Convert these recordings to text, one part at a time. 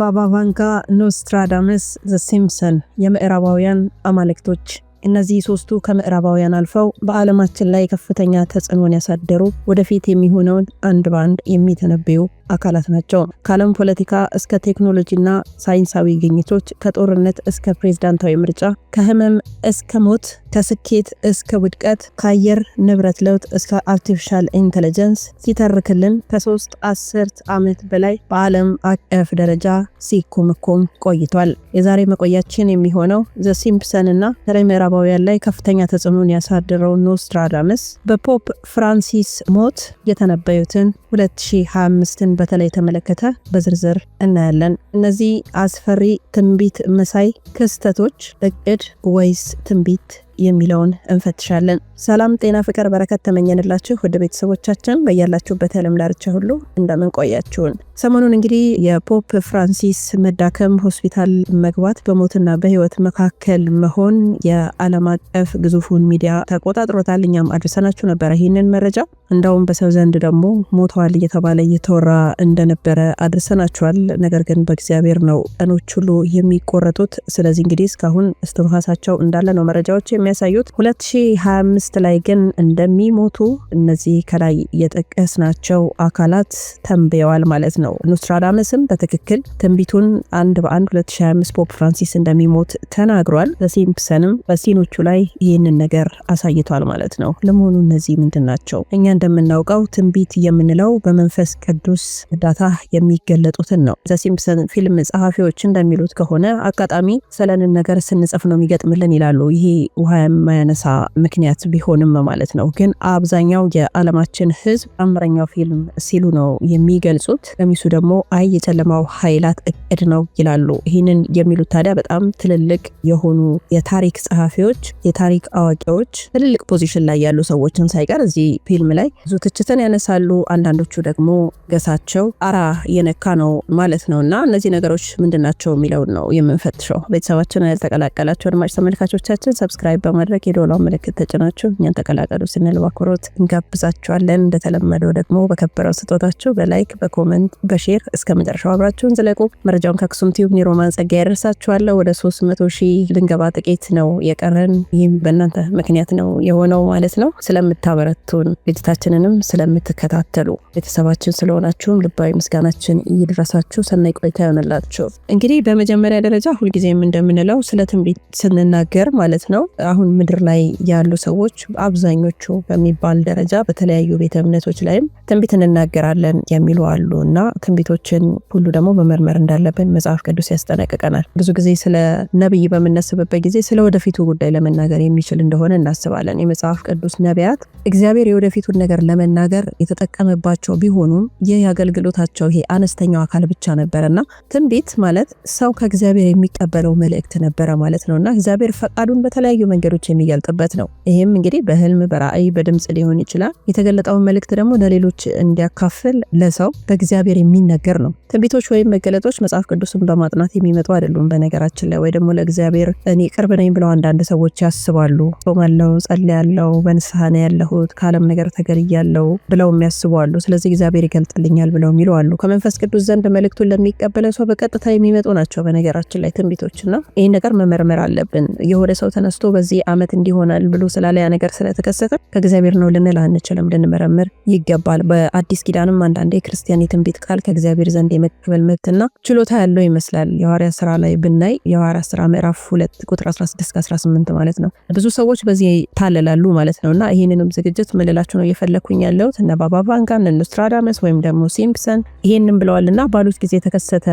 ባባቫንጋ፣ ኖስትራዳምስ፣ ዘ ሲምፕሰን የምዕራባውያን አማልክቶች እነዚህ ሶስቱ ከምዕራባውያን አልፈው በዓለማችን ላይ ከፍተኛ ተጽዕኖን ያሳደሩ ወደፊት የሚሆነውን አንድ በአንድ የሚተነብዩ አካላት ናቸው። ከዓለም ፖለቲካ እስከ ቴክኖሎጂና ሳይንሳዊ ግኝቶች፣ ከጦርነት እስከ ፕሬዝዳንታዊ ምርጫ፣ ከህመም እስከ ሞት፣ ከስኬት እስከ ውድቀት፣ ከአየር ንብረት ለውጥ እስከ አርቲፊሻል ኢንተለጀንስ ሲተርክልን ከሶስት አስርት ዓመት በላይ በዓለም አቀፍ ደረጃ ሲኮምኮም ቆይቷል። የዛሬ መቆያችን የሚሆነው ዘ ሲምፕሰን እና ተለይ ምዕራባውያን ላይ ከፍተኛ ተጽዕኖን ያሳደረው ኖስትራዳምስ በፖፕ ፍራንሲስ ሞት የተነበዩትን 2025ን በተለይ የተመለከተ በዝርዝር እናያለን። እነዚህ አስፈሪ ትንቢት መሳይ ክስተቶች እቅድ ወይስ ትንቢት የሚለውን እንፈትሻለን። ሰላም፣ ጤና፣ ፍቅር፣ በረከት ተመኘንላችሁ ውድ ቤተሰቦቻችን በያላችሁበት ዓለም ዳርቻ ሁሉ እንደምን ቆያችሁን? ሰሞኑን እንግዲህ የፖፕ ፍራንሲስ መዳከም፣ ሆስፒታል መግባት፣ በሞትና በህይወት መካከል መሆን የዓለም አቀፍ ግዙፉን ሚዲያ ተቆጣጥሮታል። እኛም አድርሰናችሁ ነበረ ይህንን መረጃ እንደውም በሰው ዘንድ ደግሞ ሞተዋል እየተባለ እየተወራ እንደነበረ አድርሰናችኋል። ነገር ግን በእግዚአብሔር ነው ቀኖች ሁሉ የሚቆረጡት። ስለዚህ እንግዲህ እስካሁን እስትንፋሳቸው እንዳለ ነው መረጃዎች የሚያሳዩት 2025 ላይ ግን እንደሚሞቱ እነዚህ ከላይ የጠቀስናቸው አካላት ተንብየዋል ማለት ነው። ኖስትራዳመስም በትክክል ትንቢቱን አንድ በአንድ 2025 ፖፕ ፍራንሲስ እንደሚሞት ተናግሯል። ለሲምፕሰንም በሲኖቹ ላይ ይህንን ነገር አሳይቷል ማለት ነው። ለመሆኑ እነዚህ ምንድን ናቸው? እኛ እንደምናውቀው ትንቢት የምንለው በመንፈስ ቅዱስ እርዳታ የሚገለጡትን ነው። ዘሲምፕሰን ፊልም ጸሐፊዎች እንደሚሉት ከሆነ አጋጣሚ ስለንን ነገር ስንጽፍ ነው የሚገጥምልን ይላሉ። ይሄ ውሃ የማያነሳ ምክንያት ቢሆንም ማለት ነው። ግን አብዛኛው የዓለማችን ህዝብ አምረኛው ፊልም ሲሉ ነው የሚገልጹት። ገሚሱ ደግሞ አይ የጨለማው ኃይላት እቅድ ነው ይላሉ። ይህንን የሚሉት ታዲያ በጣም ትልልቅ የሆኑ የታሪክ ጸሐፊዎች፣ የታሪክ አዋቂዎች፣ ትልልቅ ፖዚሽን ላይ ያሉ ሰዎችን ሳይቀር እዚህ ፊልም ላይ ብዙ ትችትን ያነሳሉ። አንዳንዶቹ ደግሞ ገሳቸው አራ የነካ ነው ማለት ነው እና እነዚህ ነገሮች ምንድናቸው የሚለውን ነው የምንፈትሸው። ቤተሰባችን ያልተቀላቀላቸው አድማጭ ተመልካቾቻችን ሰብስክራይብ በማድረግ የዶላር ምልክት ተጭናችሁ እኛን ተቀላቀሉ ስንል በአክብሮት እንጋብዛችኋለን። እንደተለመደው ደግሞ በከበረው ስጦታችሁ በላይክ በኮመንት በሼር እስከ መጨረሻው አብራችሁን ዝለቁ። መረጃውን ከአክሱም ቲዩብ ኒሮማን ጸጋ ያደርሳችኋለሁ። ወደ 300 ሺህ ልንገባ ጥቂት ነው የቀረን። ይህም በእናንተ ምክንያት ነው የሆነው ማለት ነው። ስለምታበረቱን ዝግጅታችንንም ስለምትከታተሉ ቤተሰባችን ስለሆናችሁም ልባዊ ምስጋናችን እየደረሳችሁ ሰናይ ቆይታ ይሆንላችሁ። እንግዲህ በመጀመሪያ ደረጃ ሁልጊዜም እንደምንለው ስለ ትንቢት ስንናገር ማለት ነው አሁን ምድር ላይ ያሉ ሰዎች አብዛኞቹ በሚባል ደረጃ በተለያዩ ቤተ እምነቶች ላይም ትንቢት እንናገራለን የሚሉ አሉ እና ትንቢቶችን ሁሉ ደግሞ መመርመር እንዳለብን መጽሐፍ ቅዱስ ያስጠነቅቀናል። ብዙ ጊዜ ስለ ነቢይ በምናስብበት ጊዜ ስለ ወደፊቱ ጉዳይ ለመናገር የሚችል እንደሆነ እናስባለን። የመጽሐፍ ቅዱስ ነቢያት እግዚአብሔር የወደፊቱን ነገር ለመናገር የተጠቀመባቸው ቢሆኑም ይህ የአገልግሎታቸው ይሄ አነስተኛው አካል ብቻ ነበረና ትንቢት ማለት ሰው ከእግዚአብሔር የሚቀበለው መልእክት ነበረ ማለት ነውና እግዚአብሔር ፈቃዱን በተለያዩ መንገድ ነገሮች የሚገልጥበት ነው። ይህም እንግዲህ በህልም በራእይ በድምፅ ሊሆን ይችላል። የተገለጠውን መልእክት ደግሞ ለሌሎች እንዲያካፍል ለሰው በእግዚአብሔር የሚነገር ነው። ትንቢቶች ወይም መገለጦች መጽሐፍ ቅዱስን በማጥናት የሚመጡ አይደሉም። በነገራችን ላይ ወይ ደግሞ ለእግዚአብሔር እኔ ቅርብ ነኝ ብለው አንዳንድ ሰዎች ያስባሉ። ጾማለው፣ ጸልያለው፣ በንስሐ ነው ያለሁት፣ ከዓለም ነገር ተገልያለው ብለው የሚያስቡ ስለዚህ እግዚአብሔር ይገልጥልኛል ብለው የሚሉ አሉ። ከመንፈስ ቅዱስ ዘንድ መልእክቱን ለሚቀበለ ሰው በቀጥታ የሚመጡ ናቸው። በነገራችን ላይ ትንቢቶችና ይህን ነገር መመርመር አለብን። የሆነ ሰው ተነስቶ በዚህ ዓመት እንዲሆናል ብሎ ስላለ ያ ነገር ስለተከሰተ ከእግዚአብሔር ነው ልንል አንችልም፣ ልንመረምር ይገባል። በአዲስ ኪዳንም አንዳንዴ ክርስቲያን የትንቢት ቃል ከእግዚአብሔር ዘንድ የመቀበል መብትና ችሎታ ያለው ይመስላል። የሐዋርያ ስራ ላይ ብናይ የሐዋርያ ስራ ምዕራፍ 2 ቁጥር 16-18 ማለት ነው። ብዙ ሰዎች በዚህ ታለላሉ ማለት ነው እና ይህንንም ዝግጅት ምልላችሁ ነው እየፈለግኩኝ ያለሁት እነ ባባ ቫንጋ እነ ኖስትራዳመስ ወይም ደግሞ ሲምፕሰን ይህንም ብለዋል እና ባሉት ጊዜ ተከሰተ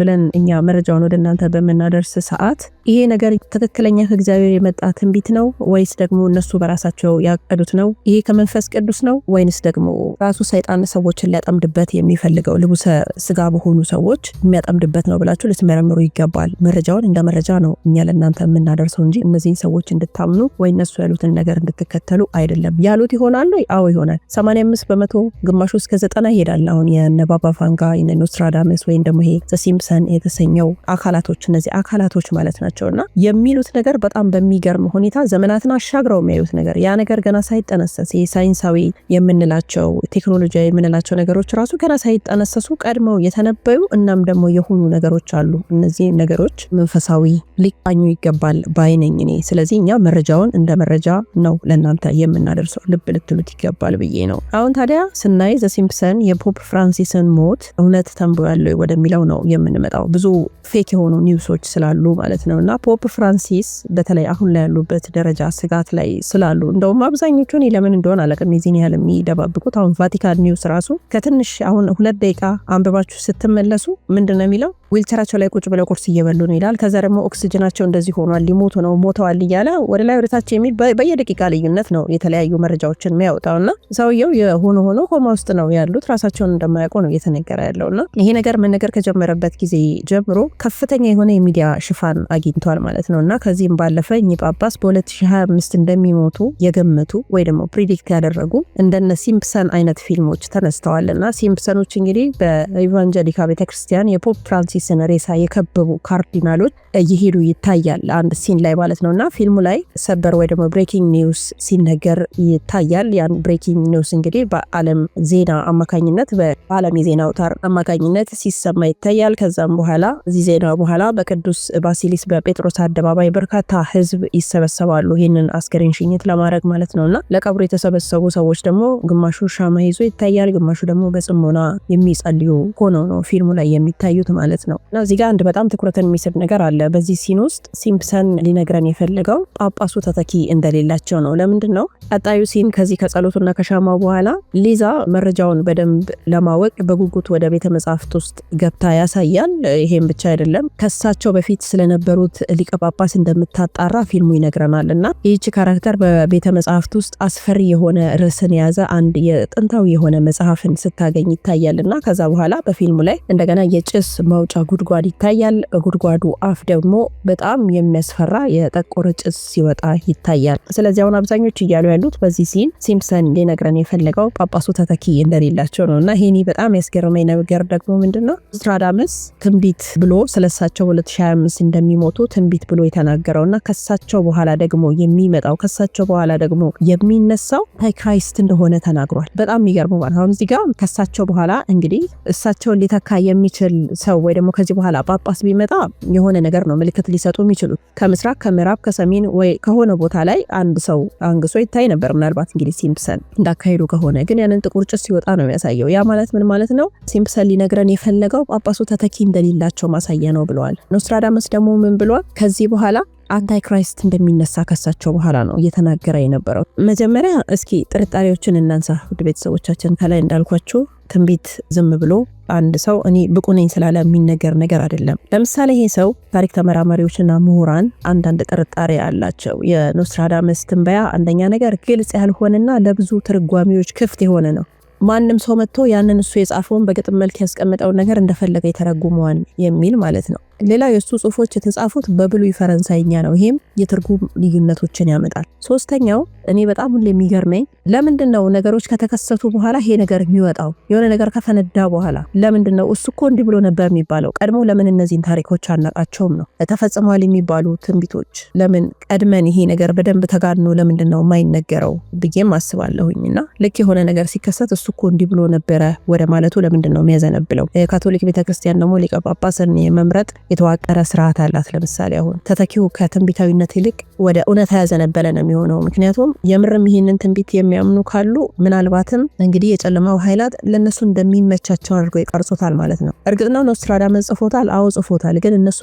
ብለን እኛ መረጃውን ወደ እናንተ በምናደርስ ሰዓት ይሄ ነገር ትክክለኛ ከእግዚአብሔር የመጣ ትንቢት ነው ወይስ ደግሞ እነሱ በራሳቸው ያቀዱት ነው? ይሄ ከመንፈስ ቅዱስ ነው ወይንስ ደግሞ ራሱ ሰይጣን ሰዎችን ሊያጠምድበት የሚፈልገው ልቡሰ ስጋ በሆኑ ሰዎች የሚያጠምድበት ነው ብላችሁ ልትመረምሩ ይገባል። መረጃውን እንደ መረጃ ነው እኛ ለእናንተ የምናደርሰው እንጂ እነዚህን ሰዎች እንድታምኑ ወይ እነሱ ያሉትን ነገር እንድትከተሉ አይደለም። ያሉት ይሆናል አዎ ይሆናል። 85 በመቶ ግማሹ እስከ ዘጠና ይሄዳል። አሁን የነባባ ፋንጋ ወይም ደግሞ ይሄ ሲምፕሰን የተሰኘው አካላቶች እነዚህ አካላቶች ማለት ናቸው እና የሚሉት ነገር በጣም በሚገርም ሁኔታ ዘመናትን አሻግረው የሚያዩት ነገር ያ ነገር ገና ሳይጠነሰስ ሳይንሳዊ የምንላቸው ቴክኖሎጂያዊ የምንላቸው ነገሮች ራሱ ገና ሳይጠነሰሱ ቀድመው የተነበዩ እናም ደግሞ የሆኑ ነገሮች አሉ። እነዚህ ነገሮች መንፈሳዊ ሊቃኙ ይገባል ባይነኝ እኔ። ስለዚህ እኛ መረጃውን እንደ መረጃ ነው ለእናንተ የምናደርሰው ልብ ልትሉት ይገባል ብዬ ነው። አሁን ታዲያ ስናይ ዘሲምፕሰን የፖፕ ፍራንሲስን ሞት እውነት ተንብዮአል ወደሚለው ነው የምንመጣው ብዙ ፌክ የሆኑ ኒውሶች ስላሉ ማለት ነው። እና ፖፕ ፍራንሲስ በተለይ አሁን ላይ ያሉበት ደረጃ ስጋት ላይ ስላሉ እንደውም አብዛኞቹ እኔ ለምን እንደሆነ አላውቅም የዚህን ያህል የሚደባብቁት። አሁን ቫቲካን ኒውስ ራሱ ከትንሽ አሁን ሁለት ደቂቃ አንብባችሁ ስትመለሱ ምንድን ነው የሚለው ዊልቸራቸው ላይ ቁጭ ብለው ቁርስ እየበሉ ነው ይላል። ከዛ ደግሞ ኦክስጅናቸው እንደዚህ ሆኗል፣ ሊሞቱ ነው፣ ሞተዋል እያለ ወደ ላይ ወደታች የሚል በየደቂቃ ልዩነት ነው የተለያዩ መረጃዎችን የሚያወጣው እና ሰውየው የሆነ ሆኖ ኮማ ውስጥ ነው ያሉት። ራሳቸውን እንደማያውቁ ነው እየተነገረ ያለው እና ይሄ ነገር መነገር ከጀመረበት ጊዜ ጀምሮ ከፍተኛ የሆነ የሚዲያ ሽፋን አግኝቷል ማለት ነው እና ከዚህም ባለፈ እኚህ ጳጳስ በ2025 እንደሚሞቱ የገመቱ ወይ ደግሞ ፕሪዲክት ያደረጉ እንደነ ሲምፕሰን አይነት ፊልሞች ተነስተዋል እና ሲምፕሰኖች እንግዲህ በኢቫንጀሊካ ቤተክርስቲያን የፖፕ ፍራንሲ ፍራንሲስን ሬሳ የከበቡ ካርዲናሎች እየሄዱ ይታያል፣ አንድ ሲን ላይ ማለት ነው። እና ፊልሙ ላይ ሰበር ወይ ደግሞ ብሬኪንግ ኒውስ ሲነገር ይታያል። ያን ብሬኪንግ ኒውስ እንግዲህ በዓለም ዜና አማካኝነት በዓለም የዜና አውታር አማካኝነት ሲሰማ ይታያል። ከዛም በኋላ እዚህ ዜና በኋላ በቅዱስ ባሲሊስ በጴጥሮስ አደባባይ በርካታ ህዝብ ይሰበሰባሉ፣ ይህንን አስከሬን ሽኝት ለማድረግ ማለት ነው። እና ለቀብሩ የተሰበሰቡ ሰዎች ደግሞ ግማሹ ሻማ ይዞ ይታያል፣ ግማሹ ደግሞ በጽሞና የሚጸልዩ ሆነው ነው ፊልሙ ላይ የሚታዩት ማለት ነው። እና እዚህ ጋር አንድ በጣም ትኩረትን የሚስብ ነገር አለ። በዚህ ሲን ውስጥ ሲምፕሰን ሊነግረን የፈለገው ጳጳሱ ተተኪ እንደሌላቸው ነው። ለምንድን ነው ቀጣዩ ሲን ከዚህ ከጸሎቱና ከሻማው በኋላ ሊዛ መረጃውን በደንብ ለማወቅ በጉጉት ወደ ቤተ መጽሐፍት ውስጥ ገብታ ያሳያል። ይሄም ብቻ አይደለም ከሳቸው በፊት ስለነበሩት ሊቀ ጳጳስ እንደምታጣራ ፊልሙ ይነግረናል። እና ይህቺ ካራክተር በቤተ መጽሐፍት ውስጥ አስፈሪ የሆነ ርዕስን የያዘ አንድ የጥንታዊ የሆነ መጽሐፍን ስታገኝ ይታያል። እና ከዛ በኋላ በፊልሙ ላይ እንደገና የጭስ መውጫ ጉድጓድ ይታያል። ከጉድጓዱ አፍ ደግሞ በጣም የሚያስፈራ የጠቆረ ጭስ ሲወጣ ይታያል። ስለዚህ አሁን አብዛኞች እያሉ ያሉት በዚህ ሲን ሲምፕሰን ሊነግረን የፈለገው ጳጳሱ ተተኪ እንደሌላቸው ነው እና ይህኒ በጣም ያስገረመኝ ነገር ደግሞ ምንድን ነው ስትራዳመስ ትንቢት ብሎ ስለሳቸው 2025 እንደሚሞቱ ትንቢት ብሎ የተናገረው እና ከሳቸው በኋላ ደግሞ የሚመጣው ከሳቸው በኋላ ደግሞ የሚነሳው አንታይክራይስት እንደሆነ ተናግሯል። በጣም የሚገርመው ማለት አሁን እዚህ ጋር ከሳቸው በኋላ እንግዲህ እሳቸውን ሊተካ የሚችል ሰው ወይ ደግሞ ከዚህ በኋላ ጳጳስ ቢመጣ የሆነ ነገር ነው ምልክት ሊሰጡ የሚችሉ ከምስራቅ፣ ከምዕራብ፣ ከሰሜን ወይ ከሆነ ቦታ ላይ አንድ ሰው አንግሶ ይታይ ነበር። ምናልባት እንግዲህ ሲምፕሰን እንዳካሄዱ ከሆነ ግን ያንን ጥቁር ጭስ ሲወጣ ነው የሚያሳየው። ያ ማለት ምን ማለት ነው? ሲምፕሰን ሊነግረን የፈለገው ጳጳሱ ተተኪ እንደሌላቸው ማሳያ ነው ብለዋል። ኖስትራዳመስ ደግሞ ምን ብሏል? ከዚህ በኋላ አንታይክራይስት እንደሚነሳ ከሳቸው በኋላ ነው እየተናገረ የነበረው። መጀመሪያ እስኪ ጥርጣሬዎችን እናንሳ ውድ ቤተሰቦቻችን። ከላይ እንዳልኳቸው ትንቢት ዝም ብሎ አንድ ሰው እኔ ብቁ ነኝ ስላለ የሚነገር ነገር አይደለም። ለምሳሌ ይህ ሰው ታሪክ ተመራማሪዎችና ምሁራን አንዳንድ ጥርጣሬ አላቸው። የኖስትራዳመስ ትንበያ አንደኛ ነገር ግልጽ ያልሆነና ለብዙ ትርጓሚዎች ክፍት የሆነ ነው። ማንም ሰው መጥቶ ያንን እሱ የጻፈውን በግጥም መልክ ያስቀመጠውን ነገር እንደፈለገ የተረጉመዋን የሚል ማለት ነው። ሌላው የእሱ ጽሁፎች የተጻፉት በብሉይ ፈረንሳይኛ ነው። ይሄም የትርጉም ልዩነቶችን ያመጣል። ሶስተኛው እኔ በጣም ሁሌ የሚገርመኝ ለምንድን ነው ነገሮች ከተከሰቱ በኋላ ይሄ ነገር የሚወጣው? የሆነ ነገር ከፈነዳ በኋላ ለምንድን ነው እሱ እኮ እንዲህ ብሎ ነበር የሚባለው? ቀድሞ ለምን እነዚህን ታሪኮች አናቃቸውም? ነው ተፈጽሟል የሚባሉ ትንቢቶች ለምን ቀድመን ይሄ ነገር በደንብ ተጋድኖ ለምንድን ነው የማይነገረው ብዬም አስባለሁኝ። እና ልክ የሆነ ነገር ሲከሰት እሱ እኮ እንዲህ ብሎ ነበረ ወደ ማለቱ ለምንድን ነው የሚያዘነብለው? ካቶሊክ ቤተክርስቲያን ደግሞ ሊቀ ጳጳስን የመምረጥ የተዋቀረ ስርዓት አላት። ለምሳሌ አሁን ተተኪው ከትንቢታዊነት ይልቅ ወደ እውነት ያዘነበለ ነው የሚሆነው። ምክንያቱም የምርም ይህንን ትንቢት የሚያምኑ ካሉ ምናልባትም እንግዲህ የጨለማው ኃይላት ለእነሱ እንደሚመቻቸው አድርገው ይቀርጾታል ማለት ነው። እርግጥ ነው ኖስትራዳመስ ጽፎታል፣ አዎ ጽፎታል። ግን እነሱ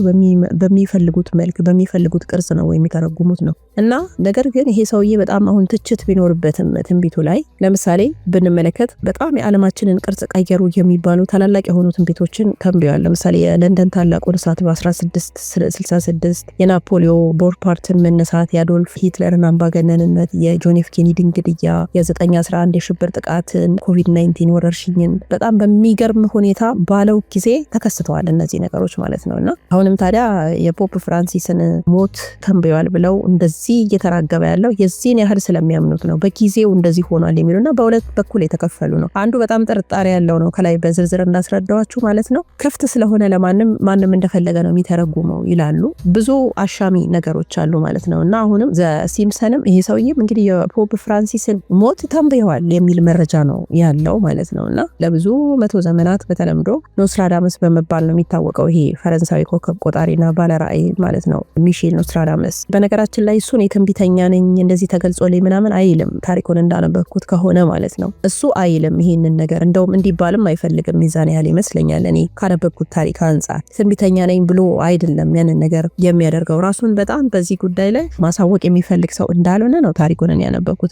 በሚፈልጉት መልክ በሚፈልጉት ቅርጽ ነው የሚተረጉሙት ነው እና ነገር ግን ይሄ ሰውዬ በጣም አሁን ትችት ቢኖርበትም ትንቢቱ ላይ ለምሳሌ ብንመለከት በጣም የዓለማችንን ቅርጽ ቀየሩ የሚባሉ ታላላቅ የሆኑ ትንቢቶችን ከንብዋል። ለምሳሌ የለንደን ታላቁ ንሳ መነሳት፣ በ1666 የናፖሊዮ ቦርፓርትን መነሳት፣ የአዶልፍ ሂትለርን አምባገነንነት፣ የጆን ኤፍ ኬኔዲን ግድያ፣ የ911 የሽብር ጥቃትን፣ ኮቪድ-19 ወረርሽኝን በጣም በሚገርም ሁኔታ ባለው ጊዜ ተከስተዋል እነዚህ ነገሮች ማለት ነው። እና አሁንም ታዲያ የፖፕ ፍራንሲስን ሞት ተንብዮአል ብለው እንደዚህ እየተራገበ ያለው የዚህን ያህል ስለሚያምኑት ነው። በጊዜው እንደዚህ ሆኗል የሚሉና በሁለት በኩል የተከፈሉ ነው። አንዱ በጣም ጥርጣሬ ያለው ነው። ከላይ በዝርዝር እንዳስረዳዋችሁ ማለት ነው። ክፍት ስለሆነ ለማንም ማንም እንደፈለ እንደፈለገ ነው የሚተረጉመው ይላሉ። ብዙ አሻሚ ነገሮች አሉ ማለት ነው እና አሁንም ዘሲምሰንም ሲምሰንም ይሄ ሰውዬም እንግዲህ የፖፕ ፍራንሲስን ሞት ተንብየዋል የሚል መረጃ ነው ያለው ማለት ነው እና ለብዙ መቶ ዘመናት በተለምዶ ኖስትራዳመስ በመባል ነው የሚታወቀው ይሄ ፈረንሳዊ ኮከብ ቆጣሪና ባለራእይ ማለት ነው ሚሼል ኖስትራዳመስ። በነገራችን ላይ እሱን የትንቢተኛ ነኝ እንደዚህ ላይ ምናምን አይልም። ታሪኩን እንዳነበኩት ከሆነ ማለት ነው እሱ አይልም ይሄንን ነገር እንደውም እንዲባልም አይፈልግም። ሚዛን ያህል ይመስለኛል እኔ ካነበብኩት ታሪክ አንጻር ትንቢተኛ ነኝ ብሎ አይደለም ያንን ነገር የሚያደርገው። ራሱን በጣም በዚህ ጉዳይ ላይ ማሳወቅ የሚፈልግ ሰው እንዳልሆነ ነው ታሪኩንን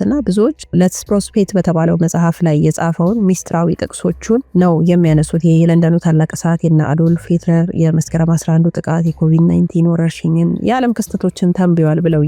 እና ብዙዎች ለትስ ፕሮስፔት በተባለው መጽሐፍ ላይ የጻፈውን ሚስጥራዊ ጥቅሶቹን ነው የሚያነሱት። የለንደኑ ታላቅ እሳት፣ የና አዶልፍ ሂትለር የመስከረም 11 ጥቃት፣ የኮቪድ 19 ወረርሽኝን፣ የዓለም ክስተቶችን ተንብዋል ብለው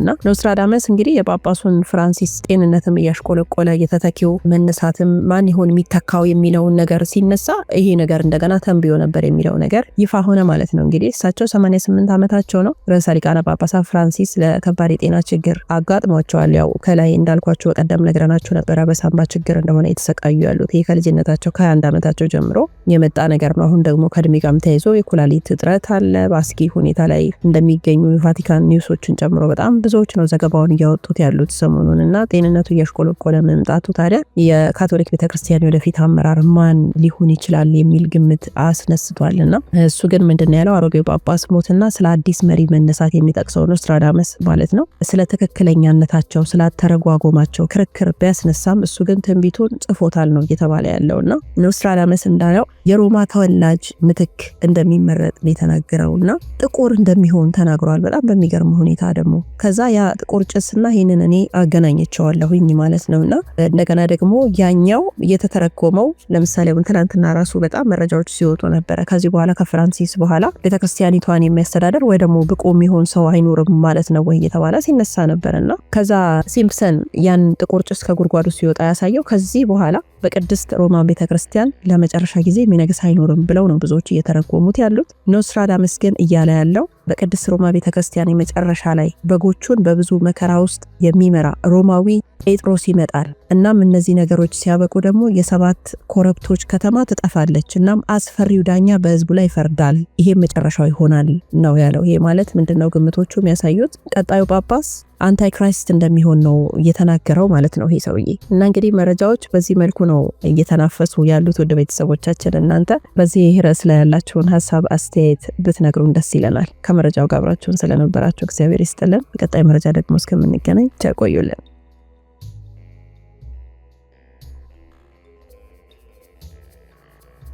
እና ኖስትራዳመስ እንግዲህ የጳጳሱን ፍራንሲስ ጤንነትም እያሽቆለቆለ የተተኪው መነሳትም ማን ይሆን የሚተካው የሚለውን ነገር ሲነሳ ይሄ ነገር እንደገና ተንብዮ ነበር የሚለው ነገር ይፋ ሆነ ማለት ነው። እንግዲህ እሳቸው 88 ዓመታቸው ነው። ርዕሰ ሊቃነ ጳጳሳት ፍራንሲስ ለከባድ የጤና ችግር አጋጥሟቸዋል። ያው ከላይ እንዳልኳቸው በቀደም ነግረናቸው ነበረ በሳምባ ችግር እንደሆነ የተሰቃዩ ያሉት ይህ ከልጅነታቸው ከ21 ዓመታቸው ጀምሮ የመጣ ነገር ነው። አሁን ደግሞ ከእድሜ ጋርም ተያይዞ የኩላሊት እጥረት አለ። በአስጊ ሁኔታ ላይ እንደሚገኙ የቫቲካን ኒውሶችን ጨምሮ በጣም ብዙዎች ነው ዘገባውን እያወጡት ያሉት ሰሞኑን እና ጤንነቱ እያሽቆለቆለ መምጣቱ ታዲያ የካቶሊክ ቤተክርስቲያን ወደፊት አመራር ማን ሊሆን ይችላል የሚል ግምት አስነስቷል እና እሱ ግን ምንድን ነው ያለው? አሮጌው ጳጳስ ሞትና ስለ አዲስ መሪ መነሳት የሚጠቅሰው ኖስትራዳመስ ማለት ነው። ስለ ትክክለኛነታቸው ስላተረጓጎማቸው ክርክር ቢያስነሳም እሱ ግን ትንቢቱን ጽፎታል ነው እየተባለ ያለው ኖስትራዳመስ እንዳለው የሮማ ተወላጅ ምትክ እንደሚመረጥ የተናገረው እና ጥቁር እንደሚሆን ተናግሯል። በጣም በሚገርም ሁኔታ ደግሞ ከዛ ያ ጥቁር ጭስና ይህንን እኔ አገናኘቸዋለሁኝ ማለት ነው እንደገና ደግሞ ያኛው የተተረጎመው ለምሳሌ ትናንትና ራሱ በጣም መረጃዎች ሲወጡ ነበረ ከዚህ በኋላ ከፍራንሲስ በኋላ ቤተክርስቲያኒቷን የሚያስተዳደር ወይ ደግሞ ብቁ የሚሆን ሰው አይኖርም ማለት ነው ወይ እየተባለ ሲነሳ ነበርና ከዛ ሲምፕሰን ያን ጥቁር ጭስ ከጉድጓዱ ሲወጣ ያሳየው ከዚህ በኋላ በቅድስት ሮማ ቤተክርስቲያን ለመጨረሻ ጊዜ ሚነግስ አይኖርም ብለው ነው ብዙዎች እየተረጎሙት ያሉት። ኖስትራዳምስ ግን እያለ ያለው በቅድስት ሮማ ቤተክርስቲያን የመጨረሻ ላይ በጎቹን በብዙ መከራ ውስጥ የሚመራ ሮማዊ ጴጥሮስ ይመጣል። እናም እነዚህ ነገሮች ሲያበቁ ደግሞ የሰባት ኮረብቶች ከተማ ትጠፋለች። እናም አስፈሪው ዳኛ በህዝቡ ላይ ይፈርዳል። ይሄም መጨረሻው ይሆናል ነው ያለው። ይሄ ማለት ምንድነው? ግምቶቹ የሚያሳዩት ቀጣዩ ጳጳስ አንታይክራይስት እንደሚሆን ነው እየተናገረው ማለት ነው ይሄ ሰውዬ። እና እንግዲህ መረጃዎች በዚህ መልኩ ነው እየተናፈሱ ያሉት። ወደ ቤተሰቦቻችን እናንተ በዚህ ርዕስ ላይ ያላችሁን ሀሳብ አስተያየት ብትነግሩን ደስ ይለናል። ከመረጃው ጋር ስለነበራችሁ እግዚአብሔር ይስጥልን። በቀጣይ መረጃ ደግሞ እስከምንገናኝ ቸር ቆዩልን።